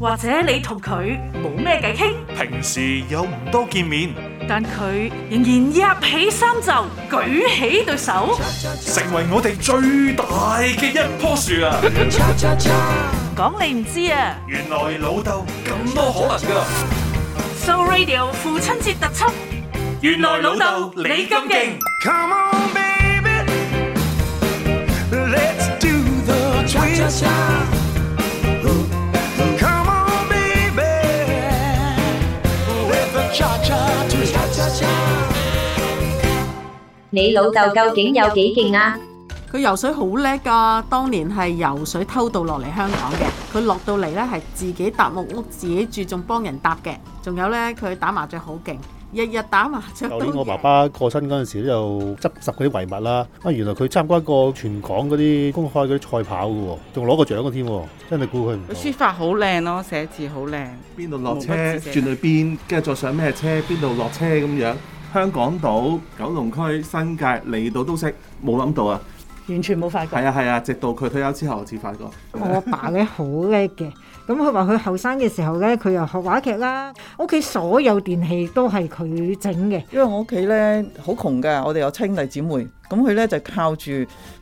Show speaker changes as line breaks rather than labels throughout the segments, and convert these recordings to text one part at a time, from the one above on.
或者你同佢冇咩計傾，
平時又唔多見面，
但佢仍然入起衫袖，舉起對手，
成為我哋最大嘅一棵樹啊！
講你唔知啊，
原來老豆咁多可能噶。
So Radio 父親節特輯，
原來老豆你咁勁。
Come on
baby，let's do the twist。
你老豆究竟有幾勁啊？
佢游水好叻噶，當年係游水偷渡落嚟香港嘅。佢落到嚟咧，係自己搭木屋自己住，仲幫人搭嘅。仲有咧，佢打麻雀好勁，日日打麻雀。舊年
我爸爸過身嗰陣時，就執拾嗰啲遺物啦。啊，原來佢參加過
全港嗰啲公開嗰啲賽跑噶，仲攞個獎噶添。真係估佢唔。佢
書法好靚咯，寫字好靚。邊度落車，轉
去邊，跟住再上咩車，邊度落車咁樣。香港島、九龍區、新界嚟到都識，冇諗到啊！
完全冇發覺。係 啊
係啊，直到佢退休之後我始發覺。我
阿、啊、爸咧好叻嘅。咁佢話佢後生嘅時候呢，佢又學話劇啦。屋企所有電器都係佢整嘅。因為我屋企呢好窮
㗎，我哋有兄弟姊妹。咁佢呢就靠住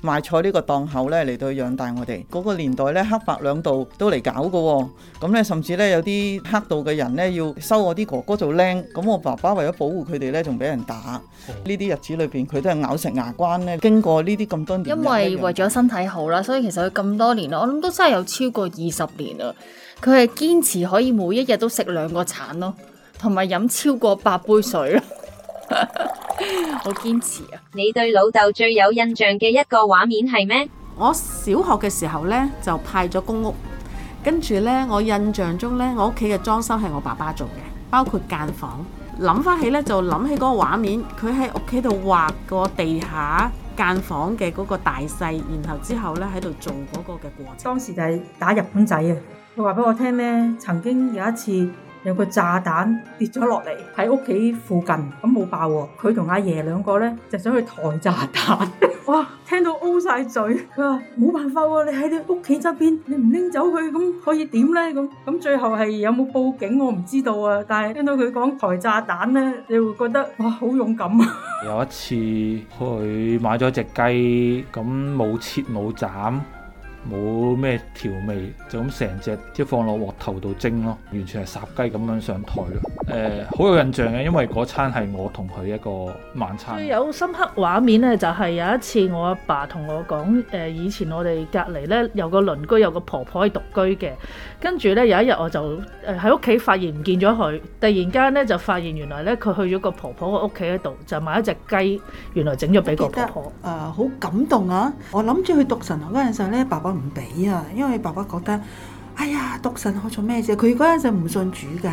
賣菜呢個檔口呢嚟到養大我哋。嗰個年代呢，黑白兩道都嚟搞㗎喎。咁呢，甚至呢，有啲黑道嘅人呢，要收我啲哥哥做僆。咁我爸爸為咗保護佢哋呢，仲俾人打。呢啲日子裏邊，佢都係咬食牙關呢。經過呢啲咁多年，因
為為咗身體好啦，所以其實佢咁多年咯，我諗都真係有超過二十年啊。佢係堅持可以每一日都食兩個橙咯，同埋飲超過八杯水咯，
好堅持啊！你對老豆最有印象嘅一個畫面係咩？我小學嘅時候呢，就派咗公屋，跟住呢，我
印象中呢，我屋企嘅裝修係我爸爸做嘅，包括間房。諗翻起呢，就諗起嗰個畫面，佢喺屋企度畫個地下間房嘅嗰個大細，然後之後呢，喺度做嗰個嘅過程。當時就係打日本仔啊！佢話俾我聽咧，曾經有一次有個炸彈跌咗落嚟喺屋企附近，咁冇爆喎。佢同阿爺兩個咧就想去抬炸彈， 哇！聽到 O 晒嘴。佢話冇辦法喎、啊，你喺你屋企側邊，你唔拎走佢，咁可以點咧？咁咁最後係有冇報警，我唔知道啊。但係聽到佢講抬炸彈咧，你會覺得哇好勇敢啊！
有一次去買咗隻雞，咁冇切冇斬。冇咩調味，就咁成隻即放落鑊頭度蒸咯，完全係烚雞咁樣上台。誒好、呃、有印象嘅，因為嗰餐係我同佢一個晚餐。最
有深刻畫面呢，就係、是、有一次我阿爸同我講，誒、呃、以前我哋隔離呢，有個鄰居有個婆婆係獨居嘅，跟住呢，有一日我就喺屋企發現唔見咗佢，突然間呢，就發現原來呢，佢去咗個婆婆嘅屋企嗰度，就買一隻雞，原來整咗俾個婆
婆。誒好、呃、感動啊！我諗住去讀神學嗰陣時候呢，爸爸唔俾啊，因為爸爸覺得，哎呀讀神學做咩啫？佢嗰陣時唔信主㗎。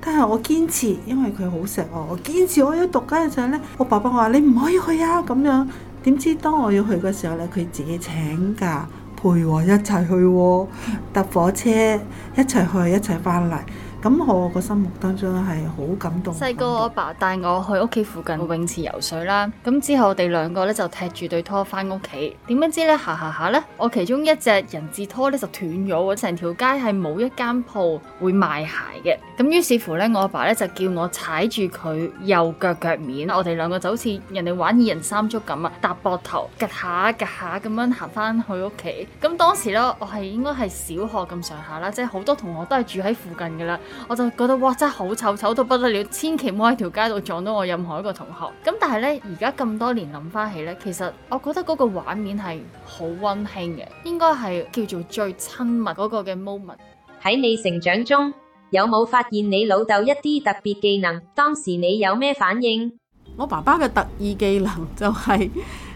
但係我堅持，因為佢好錫我，我堅持我要讀嗰陣時候咧，我爸爸話：你唔可以去啊！咁樣，點知當我要去嘅時候咧，佢自己請假陪我一齊去喎，去，搭火車一齊去一齊翻嚟。咁我個心目當中係好感動。細
個我阿爸帶我去屋企附近個泳池游水啦，咁之後我哋兩個咧就踢住對拖翻屋企。點樣知咧，行行下咧，我其中一隻人字拖咧就斷咗，成條街係冇一間鋪會賣鞋嘅。咁於是乎咧，我阿爸咧就叫我踩住佢右腳腳面，我哋兩個就好似人哋玩二人三足咁啊，搭膊頭，趌下趌下咁樣行翻去屋企。咁當時咧，我係應該係小學咁上下啦，即係好多同學都係住喺附近噶啦。我就覺得哇真係好丑醜到不得了，千祈唔好喺條街度撞到我任何一個同學。咁但係呢，而家咁多年諗翻起呢，其實我覺得嗰個畫面係好温馨嘅，應該係叫做最親密嗰個嘅 moment。喺你
成長中，有冇發現你老豆一啲特別技能？當時你有咩反應？我爸爸嘅特異技能就係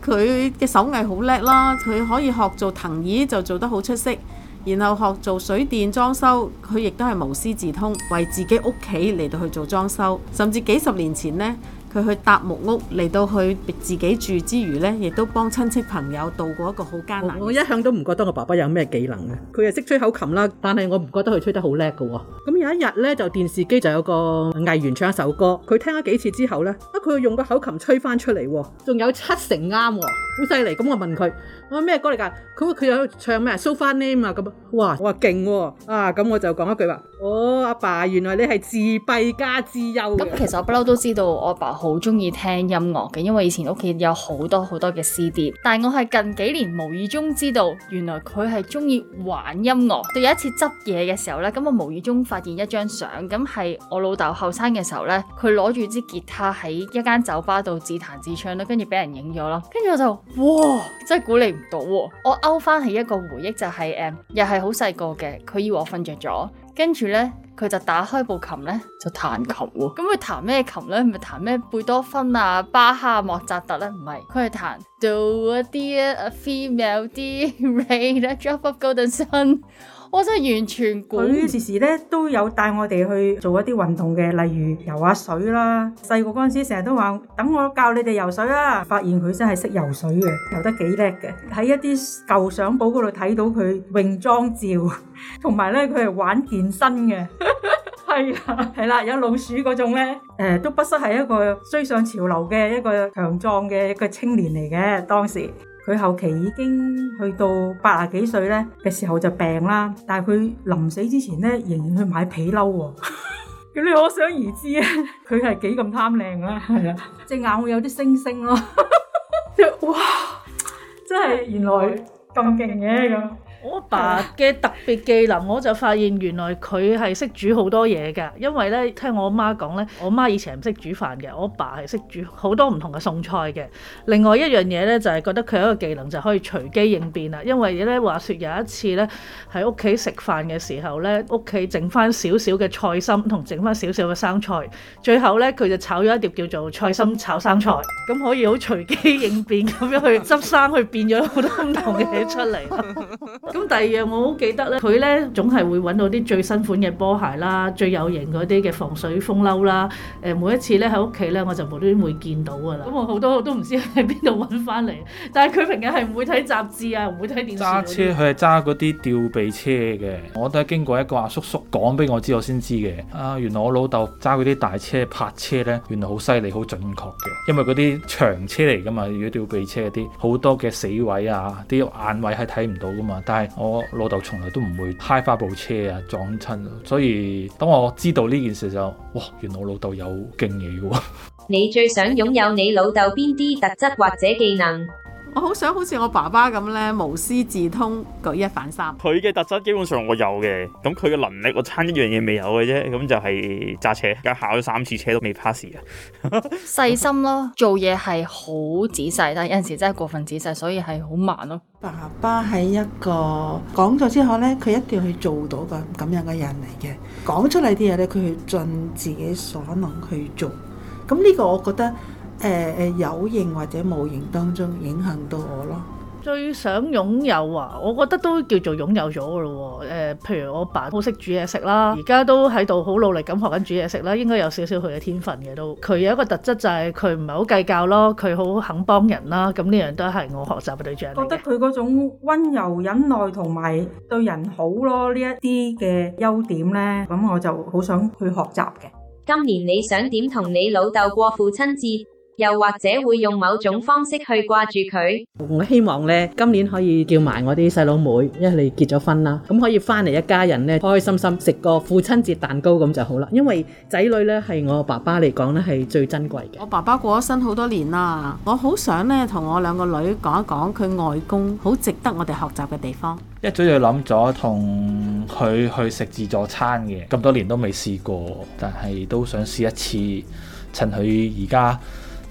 佢嘅手藝好叻
啦，佢可以學做藤椅就做得好出色。然後學做水電裝修，佢亦都係無師自通，為自己屋企嚟到去做裝修，甚至幾十年前呢。佢去搭木屋嚟到佢自己住之餘呢，亦都幫親戚朋友度
過一個好艱難我。我一向都唔覺得我爸爸有咩技能嘅、啊，佢又識吹口琴啦，但係我唔覺得佢吹得好叻嘅喎。咁有一日呢，就電視機就有個藝員唱一首歌，佢聽咗幾次之後呢，啊佢用個口琴吹翻出嚟喎、哦，仲有七成啱喎、哦，好犀利！咁我問佢：
我話咩歌嚟㗎、啊？佢話佢又唱咩《So Far Name 啊》啊咁啊！哇！我話勁喎啊！咁我就
講一句話：哦，阿爸，爸原來你係自閉加自幼。咁其實我不嬲都知道我爸，爸。好中意聽音樂嘅，因為以前屋企有好多好多嘅 CD，但係我係近幾年無意中知道，原來佢係中意玩音樂。到有一次執嘢嘅時候呢，咁我無意中發現一張相，咁係我老豆後生嘅時候呢，佢攞住支吉他喺一間酒吧度自彈自唱啦，跟住俾人影咗咯。跟住我就哇，真係估你唔到喎！我勾翻起一個回憶就係、是，誒、嗯，又係好細個嘅，佢以為我瞓着咗。跟住咧，佢就打開部琴咧，就彈琴喎、啊。咁佢彈咩琴咧？唔係彈咩貝多芬啊、巴哈、啊、莫扎特咧？唔係，佢係彈 Do a female D rain drop of golden sun。 我真係完全估唔到，佢時
時都有帶我哋去做一啲運動嘅，例如游下、啊、水啦。細個嗰陣成日都話，等我教你哋游水啦。發現佢真係識游水嘅，游得幾叻嘅。喺一啲舊相簿嗰度睇到佢泳裝照，同埋咧佢係玩健身嘅。係啦、 啊，係啦、啊，有老鼠嗰種咧、呃。都不失係一個追上潮流嘅一個強壯嘅一個青年嚟嘅。當時。佢後期已經去到八十幾歲咧嘅時候就病啦，但係佢臨死之前咧仍然去買皮褸喎、哦，咁 你可想而知是多麼啊，佢係幾咁貪靚啦，
係啊，隻眼會有啲星星咯、啊，即係 哇，真係原來咁勁嘅咁。嗯我爸嘅特別技能，我就發現原來佢係識煮好多嘢㗎。因為咧，聽我媽講咧，我媽以前唔識煮飯嘅，我爸係識煮好多唔同嘅餸菜嘅。另外一樣嘢咧，就係、是、覺得佢有一個技能，就可以隨機應變啦。因為咧，話說有一次咧，喺屋企食飯嘅時候咧，屋企整翻少少嘅菜心同整翻少少嘅生菜，最後咧佢就炒咗一碟叫做菜心炒生菜，咁可以好隨機應變咁樣去執生去變咗好多唔同嘅嘢出嚟。咁第二樣我好記得咧，佢咧總係會揾到啲最新款嘅波鞋啦，最有型嗰啲嘅防水風褸啦。誒，每一次咧喺屋企咧，我就無端端會見到噶啦。咁我好多我都唔知喺邊度揾翻嚟。但係佢平日係唔會睇雜誌啊，唔會睇電視。揸車佢
係揸嗰啲吊臂車嘅，我都係經過一個阿叔叔講俾我知，我先知嘅。啊，原來我老豆揸嗰啲大車泊車咧，原來好犀利，好準確嘅。因為嗰啲長車嚟噶嘛，如果吊臂車嗰啲好多嘅死位啊，啲眼位係睇唔到噶嘛，但係。我老豆從來都唔會 h i 翻部車啊撞親，所以等我知道呢件事就，哇！原來我老豆有勁嘢嘅喎。
你最想擁有你老豆邊啲特質或者技能？我好想好似我爸爸咁咧，無師自通，舉一反三。
佢嘅特質基本上我有嘅，咁佢嘅能力我差一樣嘢未有嘅啫，咁就係揸車，而家考咗三次車都未 pass 啊、er。
細 心咯，做嘢係好仔細，但有陣時真係過分仔細，所以係好慢咯。
爸爸係一個講咗之後呢，佢一定要去做到個咁樣嘅人嚟嘅。講出嚟啲嘢呢，佢去盡自己所能去做。咁呢個我覺得。誒誒，有形或者無形當中影響到我咯。
最想擁有啊，我覺得都叫做擁有咗㗎咯啊。誒、呃，譬如我爸好識煮嘢食啦，而家都喺度好努力咁學緊煮嘢食啦。應該有少少佢嘅天分嘅都。佢有一個特質就係佢唔係好計較咯，佢好肯幫人啦。咁呢樣都係我學習嘅對象。覺得
佢嗰種溫柔忍耐同埋對人好咯，一呢一啲嘅優點咧，咁我就好想去學習嘅。
今年你想點同你老豆過父親節？又或者會用某種方式去掛住
佢。我希望咧，今年可以叫埋我啲細佬妹，因為你結咗婚啦，咁可以翻嚟一家人咧，開開心心食個父親節蛋糕咁就好啦。因為仔女咧係我爸爸嚟講咧係最珍貴嘅。我
爸爸過咗身好多年啦，我好想咧同我兩個女講一講佢外公好值得我哋學習嘅地方。
一早就諗咗同佢去食自助餐嘅，咁多年都未試過，但係都想試一次，趁佢而家。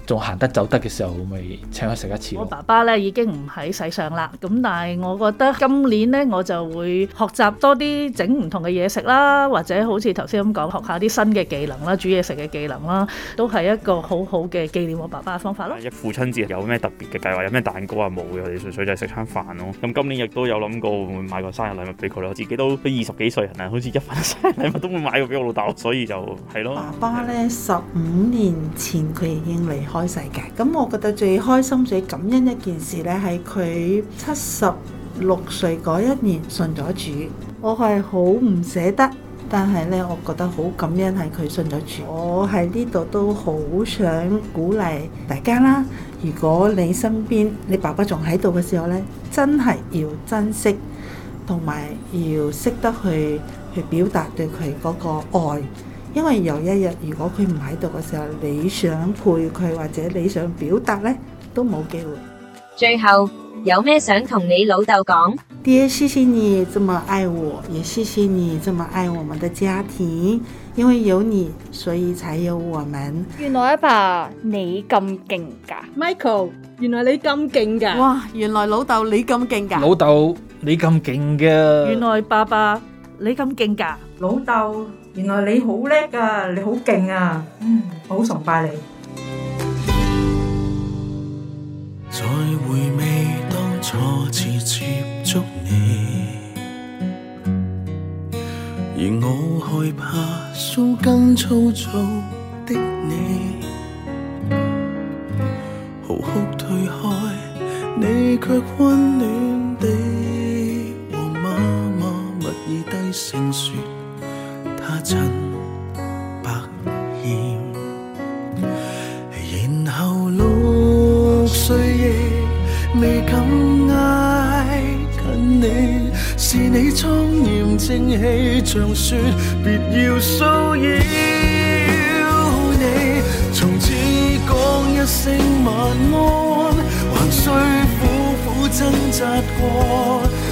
仲行得走得嘅時候，咪請佢食一次。我爸
爸咧已經唔喺世上啦，咁但係我覺得今年咧我就會學習多啲整唔同嘅嘢食啦，或者好似頭先咁講，學下啲新嘅技能啦，煮嘢食嘅技能啦，都係一個好好嘅紀念我爸爸嘅方法咯。亦
父親節有咩特別嘅計劃？有咩蛋糕啊？冇，又純粹就係食餐飯咯，啊。咁今年亦都有諗過會唔會買個生日禮物俾佢咧？我自己都二十幾歲人啊，好似一份生日禮物都會買個俾我老豆，所以就係咯。爸
爸咧十五年前佢已經離開世嘅，咁我覺得最開心最感恩一件事呢，係佢七十六歲嗰一年信咗主，我係好唔捨得，但係呢，我覺得好感恩係佢信咗主。我喺呢度都好想鼓勵大家啦，如果你身邊你爸爸仲喺度嘅時候呢，真係要珍惜，同埋要識得去去表達對佢嗰個愛。因為有一日如果佢唔喺度嘅時候，你想陪佢或者你想表達呢，都冇機會。
最後有咩想同你老豆講？
爹，謝謝你這麼愛我，也謝謝你這麼愛我們的家庭。因為有你，所以才有我們。
原來阿爸
你咁勁噶，Michael。原來你咁勁噶。哇，原來老豆你咁勁噶。老
豆你咁勁噶。原
來爸爸你咁勁噶。
老豆。原來你好叻啊，你好勁啊，嗯，我好崇拜你。
再回味當初
次接觸你，而我害怕
粗根粗糙的你，好哭退開，你卻溫暖地和媽媽密語低聲説。那陣白煙，然後六歲亦未敢挨近你，是你莊嚴正氣，像説別要騷擾你，從此
講一聲晚安，還需苦苦掙扎過。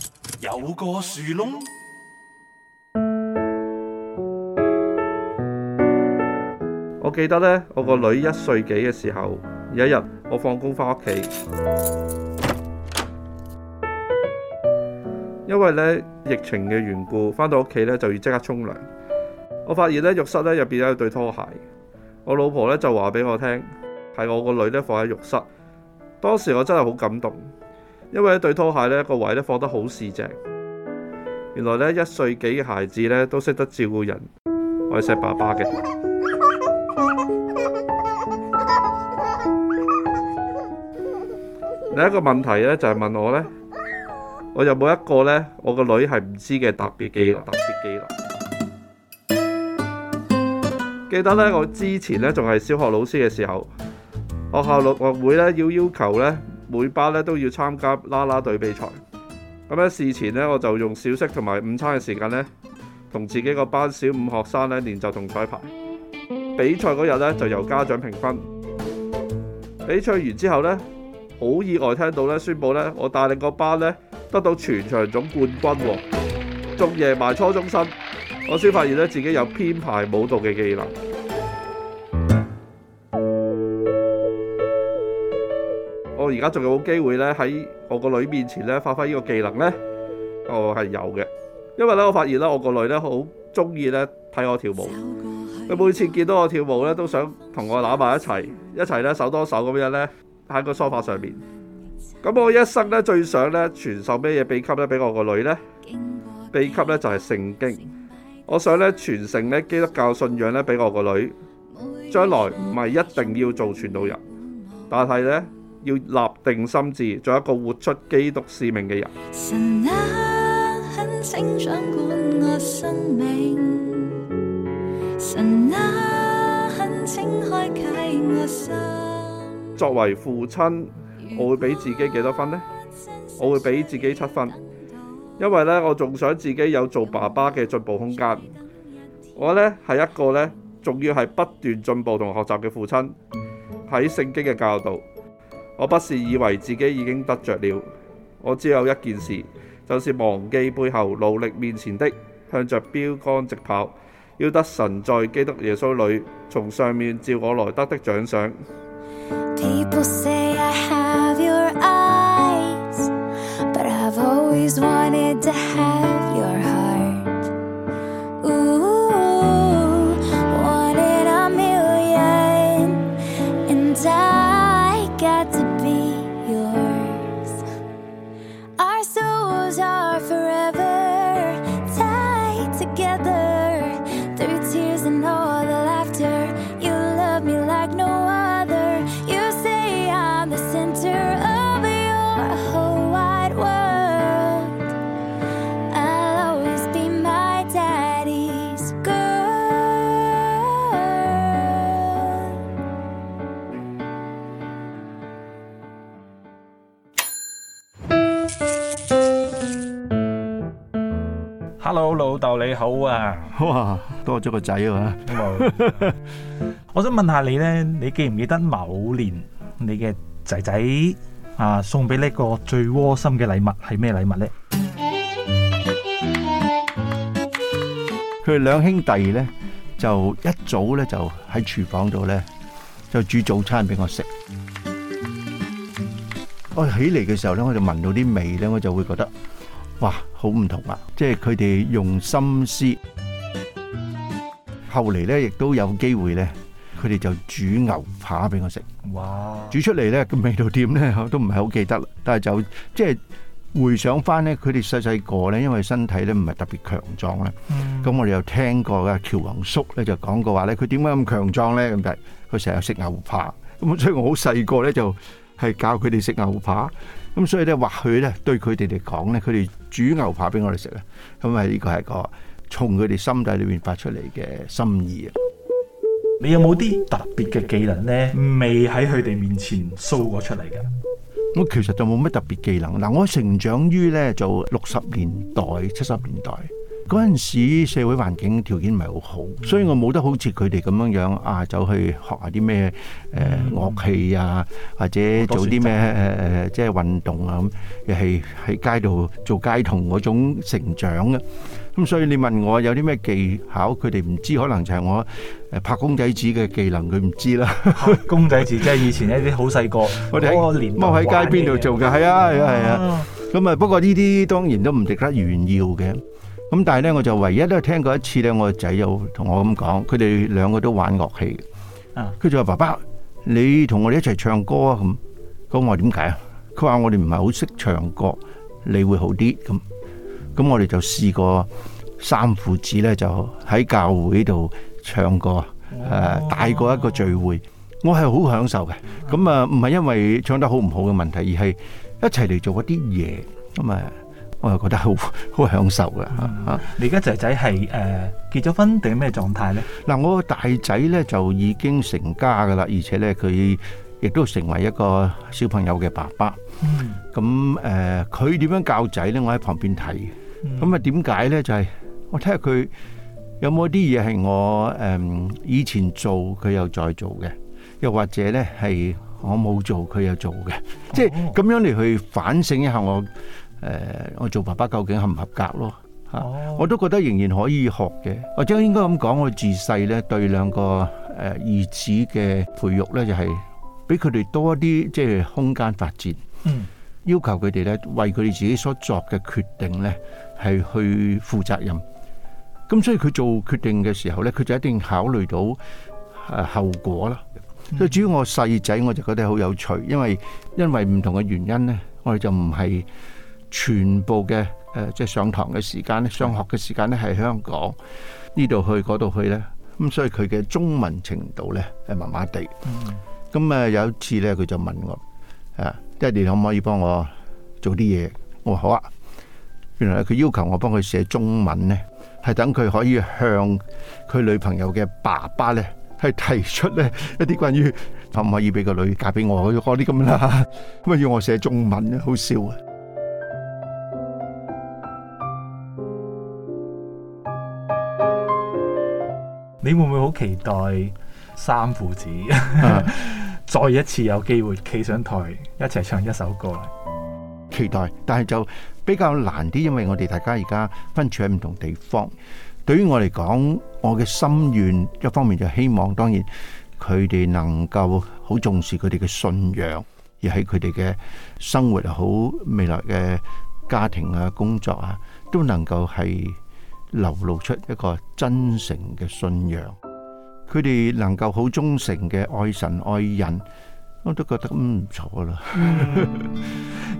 有個樹窿，
我記得咧，我個女一歲幾嘅時候，有一日我放工翻屋企，因為咧疫情嘅緣故，翻到屋企咧就要即刻沖涼。我發現咧浴室咧入邊有對拖鞋，我老婆咧就話俾我聽，係我個女咧放喺浴室，當時我真係好感動。因為一對拖鞋呢個位呢，放得好四正。原來呢一歲幾嘅孩子呢，都識得照顧人，愛錫爸爸嘅。
另
一個問題呢，就係問我呢：「我有冇一個呢？我個女係唔知嘅特別技能？ 特別技能。 記得呢，我之前呢，仲係小學老師嘅時候，學校陸運會呢，要要求呢。每班咧都要參加啦啦隊比賽，咁咧事前咧我就用小息同埋午餐嘅時間咧，同自己個班小五學生咧練習同彩排。比賽嗰日咧就由家長評分。比賽完之後咧，好意外聽到咧宣佈咧，我帶領個班咧得到全場總冠軍喎。仲贏埋初中生，我先發現咧自己有編排舞蹈嘅技能。而家仲有機會咧，喺我個女面前咧，發揮呢個技能呢？哦，係有嘅。因為咧，我發現咧，我個女咧好中意咧睇我跳舞。佢每次見到我跳舞咧，都想同我攬埋一齊，一齊咧手多手咁樣咧喺個梳化上面。咁我一生咧最想咧傳授咩嘢秘笈咧俾我個女呢？秘笈咧就係聖經。我想咧傳承咧基督教信仰咧俾我個女，將來唔係一定要做傳道人。但係咧。要立定心志，做一個活出基督使命嘅人。神啊，
懇請掌管我生命；神啊，懇
請開啓我心。
作為父親，我會俾自己幾多分呢？我會俾自己七分，因為呢，我仲想自己有做爸爸嘅進步空間。我呢，係一個呢，仲要係不斷進步同學習嘅父親，喺聖經嘅教導。我不是以為自己已經得着了，我只有一件事，就是忘記背後，努力面前的，向着標竿直跑，要得神在基督耶穌裏從上面召我來得的獎賞。Hello，
老豆你好啊！
哇，多咗個仔啊！ 我
想問下你呢，你記唔記得某年你嘅仔仔啊送
俾呢個最窩心嘅禮物係咩禮物呢？佢哋兩兄弟呢，就一早呢，就喺廚房度呢，就煮早餐俾我食。我起嚟嘅時候咧，我就聞到啲味咧，我就會覺得哇，好唔同啊！即係佢哋用心思。後嚟咧，亦都有機會咧，佢哋就煮牛扒俾我食。哇！煮出嚟咧，個味道點咧，我都唔係好記得啦。但係就即係回想翻咧，佢哋細細個咧，因為身體咧唔係特別強壯咧。嗯。咁我哋有聽過嘅喬宏叔咧，就講過話咧，佢點解咁強壯咧？咁就係佢成日食牛扒。咁所以我好細個咧就。係教佢哋食牛扒，咁所以咧，或許咧，對佢哋嚟講咧，佢哋煮牛扒俾我哋食咧，咁啊，呢個係個從佢哋心底裏面發出嚟嘅心意啊！你有冇啲特別嘅技能咧？未喺佢哋面前 show 過出嚟嘅？我其實就冇乜特別技能。嗱，我成長於咧就六十年代、七十年代。嗰陣時社會環境條件唔係好好，所以我冇得好似佢哋咁樣樣啊，走去學下啲咩誒樂器啊，或者做啲咩誒即係運動啊咁，又係喺街度做街童嗰種成長嘅。咁所以你問我有啲咩技巧，佢哋唔知，可能就係我誒拍公仔紙嘅技能，佢唔知啦。公仔紙即係以前一啲好細個，我哋喺我喺街邊度做嘅，係啊係啊係啊。咁啊不過呢啲當然都唔值得炫耀嘅。咁但係咧，我就唯一都係聽過一次咧，我個仔有同我咁講，佢哋兩個都玩樂器嘅，佢就話：爸爸，你同我哋一齊唱歌啊！咁咁我話點解啊？佢話我哋唔係好識唱歌，你會好啲咁。咁我哋就試過三父子咧，就喺教會度唱歌，誒帶過一個聚會，我係好享受嘅。咁啊，唔係因為唱得好唔好嘅問題，而係一齊嚟做一啲嘢咁啊！我又覺得好好享受㗎吓吓。你而家仔仔係誒結咗婚定咩狀態咧？嗱，我個大仔咧就已經成家㗎喇，而且咧佢亦都成為一個小朋友嘅爸爸。嗯，咁誒佢點樣教仔咧？我喺旁邊睇。咁啊點解咧？就係我睇下佢有冇啲嘢係我誒以前做，佢又再做嘅；又或者咧係我冇做，佢又做嘅。即係咁樣嚟去反省一下我。誒、呃，我做爸爸究竟合唔合格咯？吓、啊，Oh. 我都覺得仍然可以學嘅。或者應該咁講，我自細咧對兩個誒、呃、兒子嘅培育咧，就係俾佢哋多啲即係空間發展。嗯，Mm. 要求佢哋咧為佢哋自己所作嘅決定咧係去負責任。咁所以佢做決定嘅時候咧，佢就一定考慮到誒、呃、後果啦。Mm. 所以主要我細仔我就覺得好有趣，因為因為唔同嘅原因咧，我哋就唔係。全部嘅誒，即係上堂嘅時間咧，上學嘅時間咧，係香港呢度去嗰度去咧，咁所以佢嘅中文程度咧係麻麻地。咁誒、嗯嗯、有一次咧，佢就問我誒，爹哋可唔可以幫我做啲嘢？我話好啊。原來佢要求我幫佢寫中文咧，係等佢可以向佢女朋友嘅爸爸咧，係提出咧一啲關於可唔可以俾個女嫁俾我嗰啲咁啦。咁要我寫中文啊，好笑啊！
你會唔會好期待三父
子 再一次有機會企上台一齊唱一首歌？期待，但係就比較難啲，因為我哋大家而家分處喺唔同地方。對於我嚟講，我嘅心願一方面就希望，當然佢哋能夠好重視佢哋嘅信仰，而喺佢哋嘅生活、好未來嘅家庭啊、工作啊，都能夠係。流露出一個真誠嘅信仰，佢哋能夠好忠誠嘅愛神愛人，我都覺得唔錯啦。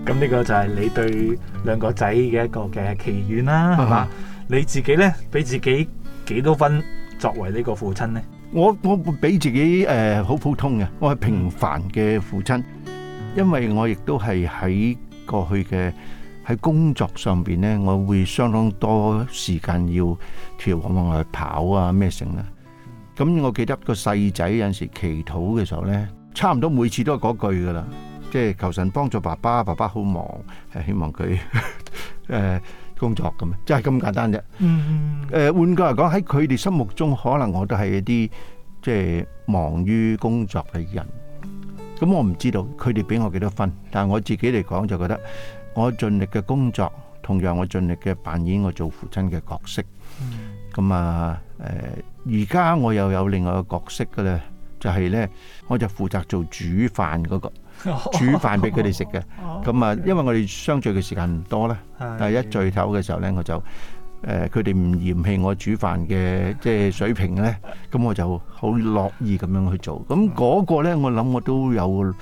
咁呢 個就係你對兩個仔嘅一個嘅祈願啦，係嘛？你自
己咧，俾自己幾多分作為呢個父親呢？
我我俾自己誒，好、呃、普通嘅，我係平凡嘅父親，因為我亦都係喺過去嘅。喺工作上面咧，我會相當多時間要脫往往去跑啊，咩成啦。咁我記得個細仔有陣時祈禱嘅時候咧，差唔多每次都係嗰句噶啦，即係求神幫助爸爸。爸爸好忙，係希望佢誒工作咁，就係咁簡單啫。誒、mm hmm. 換句嚟講，喺佢哋心目中，可能我都係一啲即係忙於工作嘅人。咁我唔知道佢哋俾我幾多分，但係我自己嚟講就覺得。我盡力嘅工作，同樣我盡力嘅扮演我做父親嘅角色。咁、嗯、啊，誒、呃，而家我又有另外一個角色嘅咧，就係、是、咧，我就負責做煮飯嗰、那個，
煮飯俾佢哋食嘅。咁、哦哦、
啊，okay. 因為我哋相聚嘅時間唔多咧，的但係一聚頭嘅時候咧，我就誒，佢哋唔嫌棄我煮飯嘅即係水平咧，咁我就好樂意咁樣去做。咁嗰個咧，我諗我都有。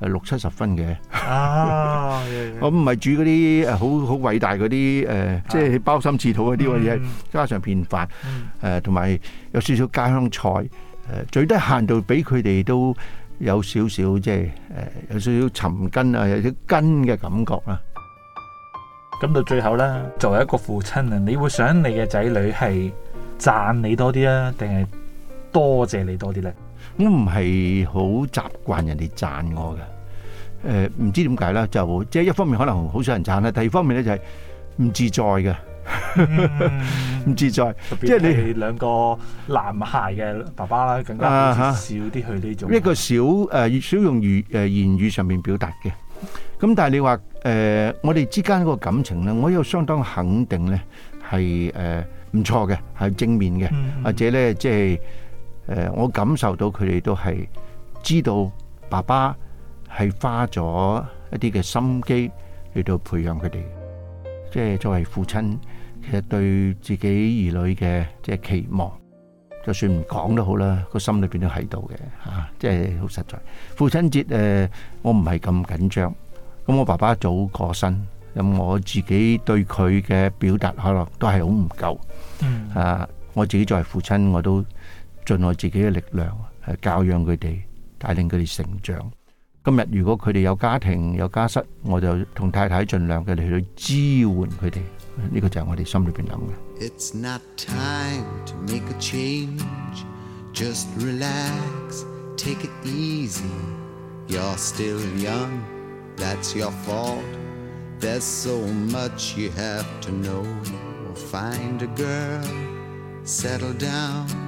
誒六七十分嘅、
啊，
我唔係煮嗰啲誒好好偉大嗰啲誒，呃、即係包心刺肚嗰啲嘅嘢，家常便飯。誒同埋有少少家鄉菜。誒、呃、最低限度俾佢哋都有少少即係誒有少少尋根啊，有少根嘅感覺啦。
咁到最後啦，作為一個父親啊，你會想你嘅仔
女係讚你多啲啊，定係多謝你多啲咧？咁唔係好習慣人哋讚我嘅，誒、呃、唔知點解啦，就即係一方面可能好少人讚啦，第二方面咧就係、是、唔自在嘅，唔、嗯、 自在，
即係你兩個男孩嘅爸爸啦，啊、更加少啲去呢種，一個
少誒少用語誒、呃、言語上面表達嘅，咁但係你話誒、呃、我哋之間個感情咧，我有相當肯定咧係誒唔錯嘅，係正面嘅，嗯、或者咧即係。誒，我感受到佢哋都係知道爸爸係花咗一啲嘅心機嚟到培養佢哋，即係作為父親，其實對自己兒女嘅即係期望，就算唔講都好啦，個心裏邊都喺度嘅嚇，即係好實在。父親節誒，我唔係咁緊張，咁我爸爸早過身，咁我自己對佢嘅表達可能都係好唔夠，啊，我自己作為父親我都。盡我自己嘅力量，係教養佢哋，帶領佢哋成長。今日如果佢哋有家庭、有家室，我就同太太盡量佢哋去支援佢哋。
呢個就係我哋心裏邊諗嘅。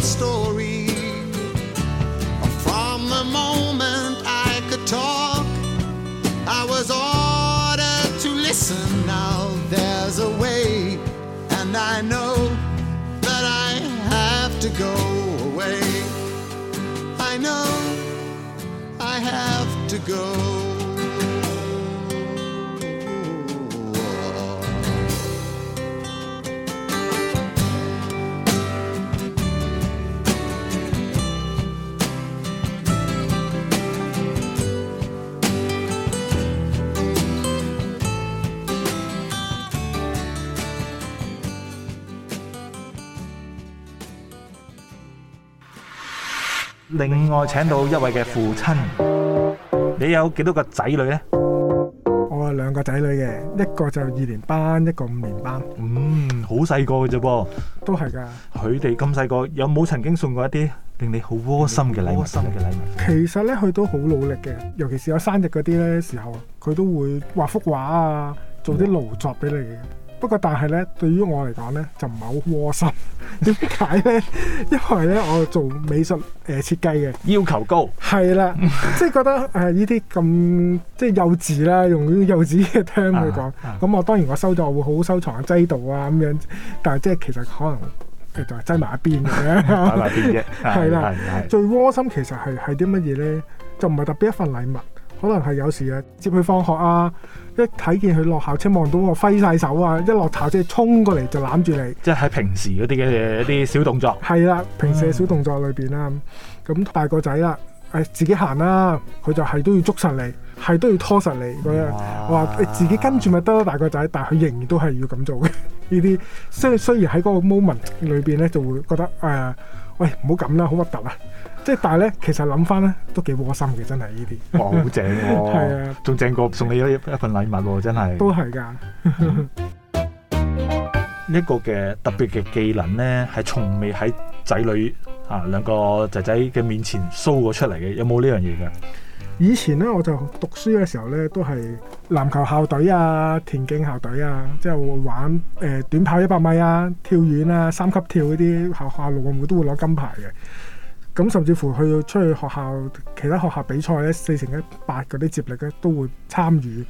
另外請到一位嘅父親。你有幾多個仔女呢？
我有兩個仔女嘅，一個就二年班，一個五年班。嗯，
好細個嘅啫噃。都係噶。佢哋咁細個，有冇曾經送過一啲令你好窩心嘅禮物？窩心嘅禮物。
其實呢，佢都好努力嘅，尤其是有生日嗰啲呢時候，佢都會畫幅畫啊，做啲勞作俾你。不過但係咧，對於我嚟講咧就唔係好窩心。點解咧？ 因為咧我做美術誒設計嘅，要求高。係啦的、嗯呃，即係覺得誒呢啲咁即係幼稚啦，用啲幼稚嘅聽佢講。咁、啊啊、我當然我收咗，我會好好收藏度啊，積度啊咁樣。但係即係其實可能誒就係積埋一邊嘅。樣。積埋一邊啫。係啦，最窩心其實係係啲乜嘢咧？就唔係特別一份禮物。可能係有時啊，接佢放學啊，一睇見佢落校車，望到我揮晒手啊，一落校車衝過嚟就攬住你。
即係喺平時嗰啲嘅一啲小動作。係啦
平時嘅小動作裏邊啊，咁大個仔啦、啊、誒、哎、自己行啦，佢就係都要捉實你，係、就是、都要拖實你嗰樣。我話你自己跟住咪得咯，大個仔，但係佢仍然都係要咁做嘅呢啲。雖雖然喺嗰個 moment 裏邊咧，就會覺得誒、呃，喂唔好咁啦，好核突啊！即係，但係咧，其實諗翻咧，都幾窩心嘅，真係呢啲。哇、哦，好正、哦！係 啊，
仲正過送你一一份禮物、哦，真係。都係是噶。一 個嘅特別嘅技能咧，係從未喺仔女啊兩個仔仔嘅面前 show 過出嚟嘅。有冇呢樣嘢噶？
以前咧，我就讀書嘅時候咧，都係籃球校隊啊、田徑校隊啊，即係玩誒、呃、短跑一百米啊、跳遠啊、三級跳嗰啲校校陸運會，我都會攞金牌嘅。咁甚至乎去到出去學校，其他學校比賽咧，四乘一百嗰啲接力咧，都會參與。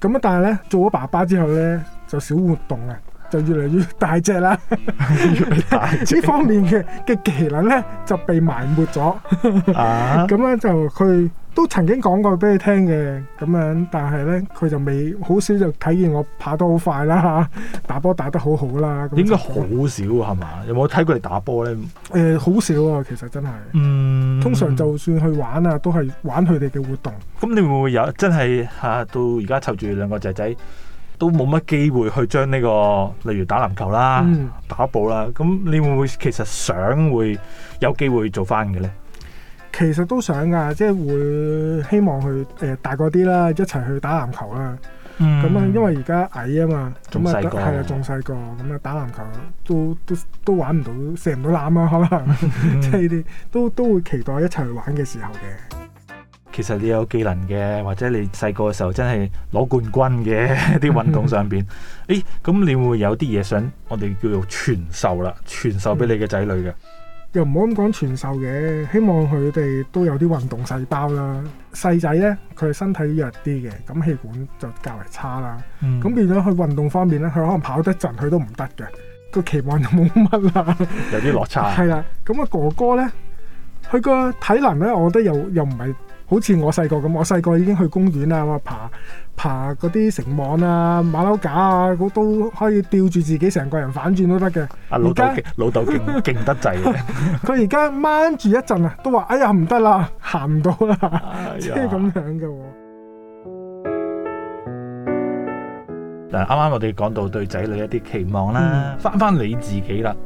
咁啊，但係咧，做咗爸爸之後咧，就少活動啊，就越嚟越大隻啦， 越嚟大隻。呢 方面嘅嘅技能咧，就被埋沒咗。咁 咧、uh huh. 就去。都曾經講過俾你聽嘅咁樣，但係呢，佢就未好少就睇見我跑得好快啦嚇，打波打得好好啦。點解說
好少啊？係嘛？有冇睇佢哋打波呢？誒、
呃，好少啊，其實真係。嗯。通常就算去玩啊，都係玩佢哋嘅活動。
咁、嗯、你會唔會有真係嚇、啊、到而家湊住兩個仔仔，都冇乜機會去將呢、這個，例如打籃球啦、嗯、跑步啦。咁你會唔會其實想會有機會做翻嘅呢？
其實都想㗎，即係會希望佢誒、呃、大個啲啦，一齊去打籃球啦。咁啊，嗯、因為而家矮啊嘛，咁細個，係啊，仲細個咁啊，打籃球都都都玩唔到，射唔到籃啊，可能即係呢啲都都會期待一齊去玩嘅時候嘅。嗯嗯
其實你有技能嘅，或者你細個嘅時候真係攞冠軍嘅啲 運動上邊，咦、嗯？咁、哎、你會有啲嘢想我哋叫做傳授啦，傳授俾你嘅仔女嘅。嗯
又唔好咁講傳授嘅，希望佢哋都有啲運動細胞啦。細仔咧，佢係身體弱啲嘅，咁氣管就較為差啦。咁、嗯、變咗佢運動方面咧，佢可能跑得陣，佢都唔得嘅。個期望就冇乜啦。
有啲落差。係
啦， 咁、那、啊、個、哥哥咧，佢個體能咧，我覺得又又唔係。好似我細個咁，我細個已經去公園啊，我爬爬嗰啲繩網啊、馬騮架啊，都可以吊住自己成個人反轉都得嘅。阿老豆勁，
老豆勁勁得滯，
佢而家掹住一陣啊，都話：哎呀唔得啦，行唔到啦，即係咁樣嘅喎。
嗱，啱啱我哋講到對仔女一啲期望啦，返返、嗯、你自己啦，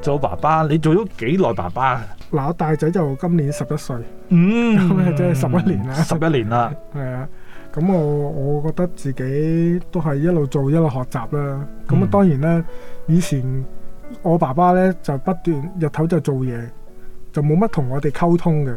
做爸爸你做咗幾耐爸爸？
嗱，我大仔就今年十一歲，
嗯， 即係十一年啦，十一年啦，
係啊、嗯，咁我我覺得自己都係一路做一路學習啦。咁啊，當然咧，嗯、以前我爸爸咧就不斷日頭就做嘢，就冇乜同我哋溝通嘅。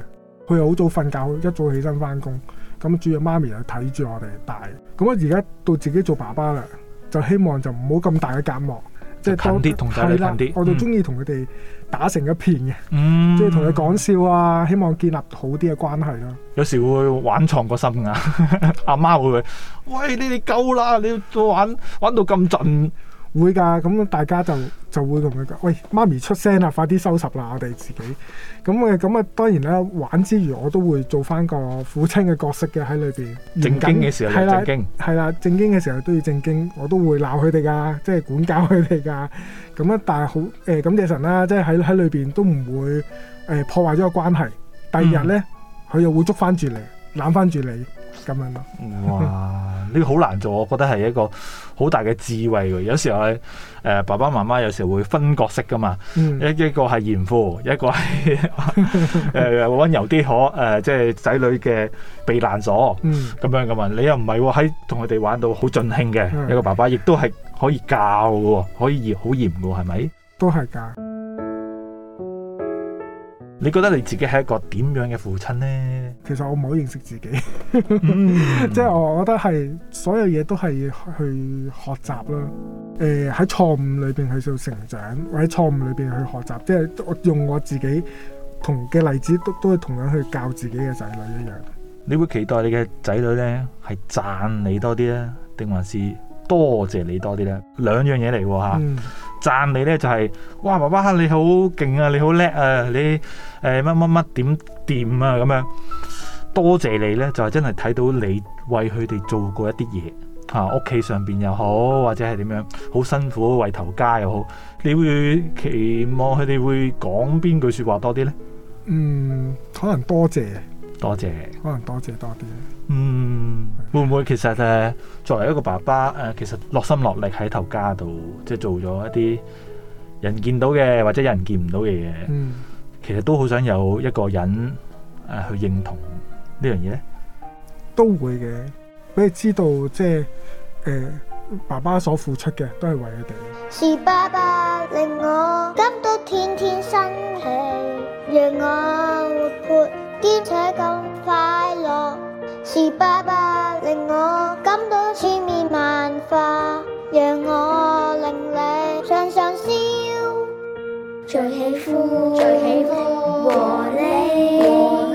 佢又好早瞓覺，一早起身翻工。咁主要媽咪又睇住我哋大。咁啊，而家到自己做爸爸啦，就希望就唔好咁大嘅隔膜。
即係近啲，他同仔女近啲。的嗯、我就中意
同佢哋打成一片嘅，嗯、即係同佢講笑啊，希望建立好啲嘅關係咯、啊。
有時會玩創個心啊， 阿媽會，會喂，你哋夠啦，你再玩玩到咁盡。會㗎，咁大
家就就會同佢講。喂，媽咪出聲啦，快啲收拾啦，我哋自己。咁誒，咁啊當然啦，玩之餘，我都會做翻個父親嘅角色嘅喺裏邊。正經嘅時候要正經，係啦，正經嘅時候都要正經。我都會鬧佢哋㗎，即係管教佢哋㗎。咁啊，但係好誒，感謝神啦、啊，即係喺喺裏邊都唔會誒、呃、破壞咗個關係。第二日呢，佢、嗯、又會捉翻住你，攬翻住你。咁樣
咯，哇！呢、這個好難做，我覺得係一個好大嘅智慧。有時候誒、呃，爸爸媽媽有時候會分角色噶嘛，一、嗯、一個係嚴父，一個係誒温柔啲可，誒，即係仔女嘅避難所咁、嗯、樣嘅嘛。你又唔係喎，喺同佢哋玩到好盡興嘅一個爸爸，亦都係可以教嘅，可以好嚴嘅，係咪？都係㗎。你覺得你自己係一個點樣嘅父親呢？其實我唔好認識自己
mm，hmm. 即係我我覺得係所有嘢都係去學習啦。誒喺錯誤裏邊去做成長，或者錯誤裏邊去學習，即係我用我自己同嘅例子都都係同樣去教自己嘅仔女一樣。
你會期待你嘅仔女呢係讚你多啲呢？定還是多謝你多啲呢？兩樣嘢嚟嘅吓。Mm hmm. 讚你咧就係、是、哇，爸爸你好勁啊，你好叻啊，你誒乜乜乜點掂啊咁樣。多謝你咧就係、是、真係睇到你為佢哋做過一啲嘢嚇，屋、啊、企上邊又好，或者係點樣好辛苦為頭家又好，你會期望佢哋會講邊句説話多啲呢？嗯，
可能多謝，
多謝，
可能多謝多啲。
嗯，會唔會其實誒、啊，作為一個爸爸誒、啊，其實落心落力喺頭家度，即、就、係、是、做咗一啲人見到嘅，或者有人見唔到嘅嘢，嗯、其實都好想有一個人誒、啊、去認同呢樣嘢咧。
都會嘅，俾你知道即係誒，爸爸所付出嘅都係為佢哋。是
爸爸令我感到天天生氣，讓我活潑堅且剛。是爸爸令我感到千變萬化，讓我令你常常笑。最喜歡最喜歡和你，和
你。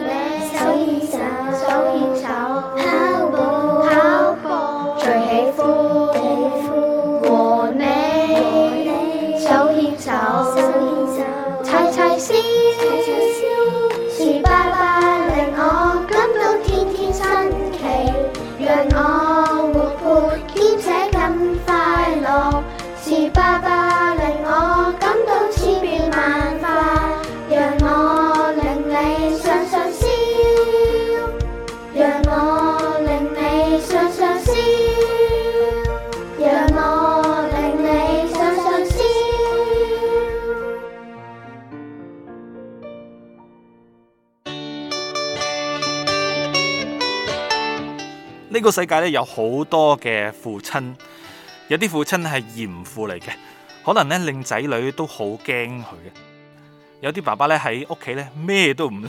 呢個世界咧有好多嘅父親，有啲父親係嚴父嚟嘅，可能咧令仔女都好驚佢嘅；有啲爸爸咧喺屋企咧咩都唔理，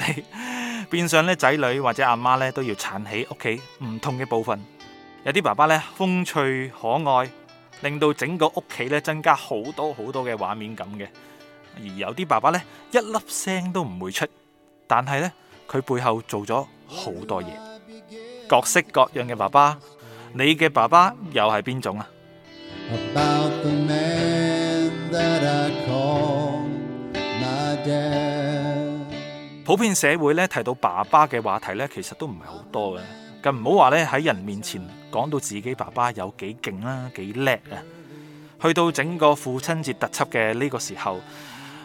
變相咧仔女或者阿媽咧都要撐起屋企唔同嘅部分；有啲爸爸咧風趣可愛，令到整個屋企咧增加好多好多嘅畫面感嘅；而有啲爸爸咧一粒聲都唔會出，但係咧佢背後做咗好多嘢。各式各樣嘅爸爸，你嘅爸爸又係邊
種
啊？普遍社會咧提到爸爸嘅話題咧，其實都唔係好多嘅。更唔好話咧喺人面前講到自己爸爸有幾勁啦，幾叻啊。去到整個父親節特輯嘅呢個時候，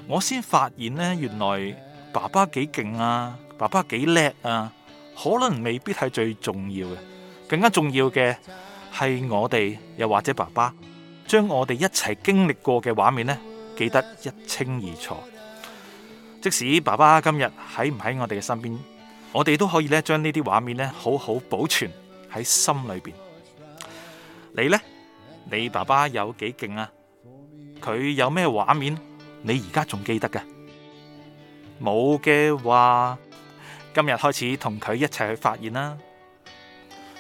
我先發現呢，原來爸爸幾勁啊，爸爸幾叻啊。可能未必係最重要嘅，更加重要嘅係我哋又或者爸爸，將我哋一齊經歷過嘅畫面呢，記得一清二楚。即使爸爸今日喺唔喺我哋嘅身邊，我哋都可以呢，將呢啲畫面呢，好好保存喺心裏邊。你呢？你爸爸有幾勁啊？佢有咩畫面？你而家仲記得嘅？冇嘅話。今日開始同佢一齊去發現啦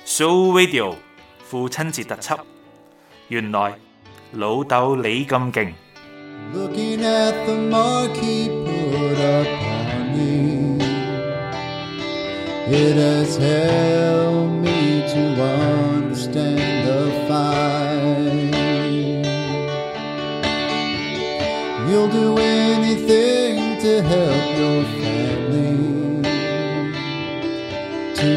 ！So Video 父親節特輯，原來老豆你咁勁。